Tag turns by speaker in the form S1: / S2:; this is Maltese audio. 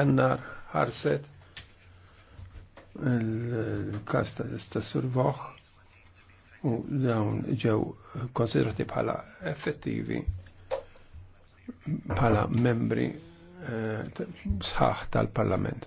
S1: Ennar ħarset il-kas ta' survoħ u dawn ġew konsidrati bħala effettivi bħala membri eh,
S2: sħaħ tal-parlament.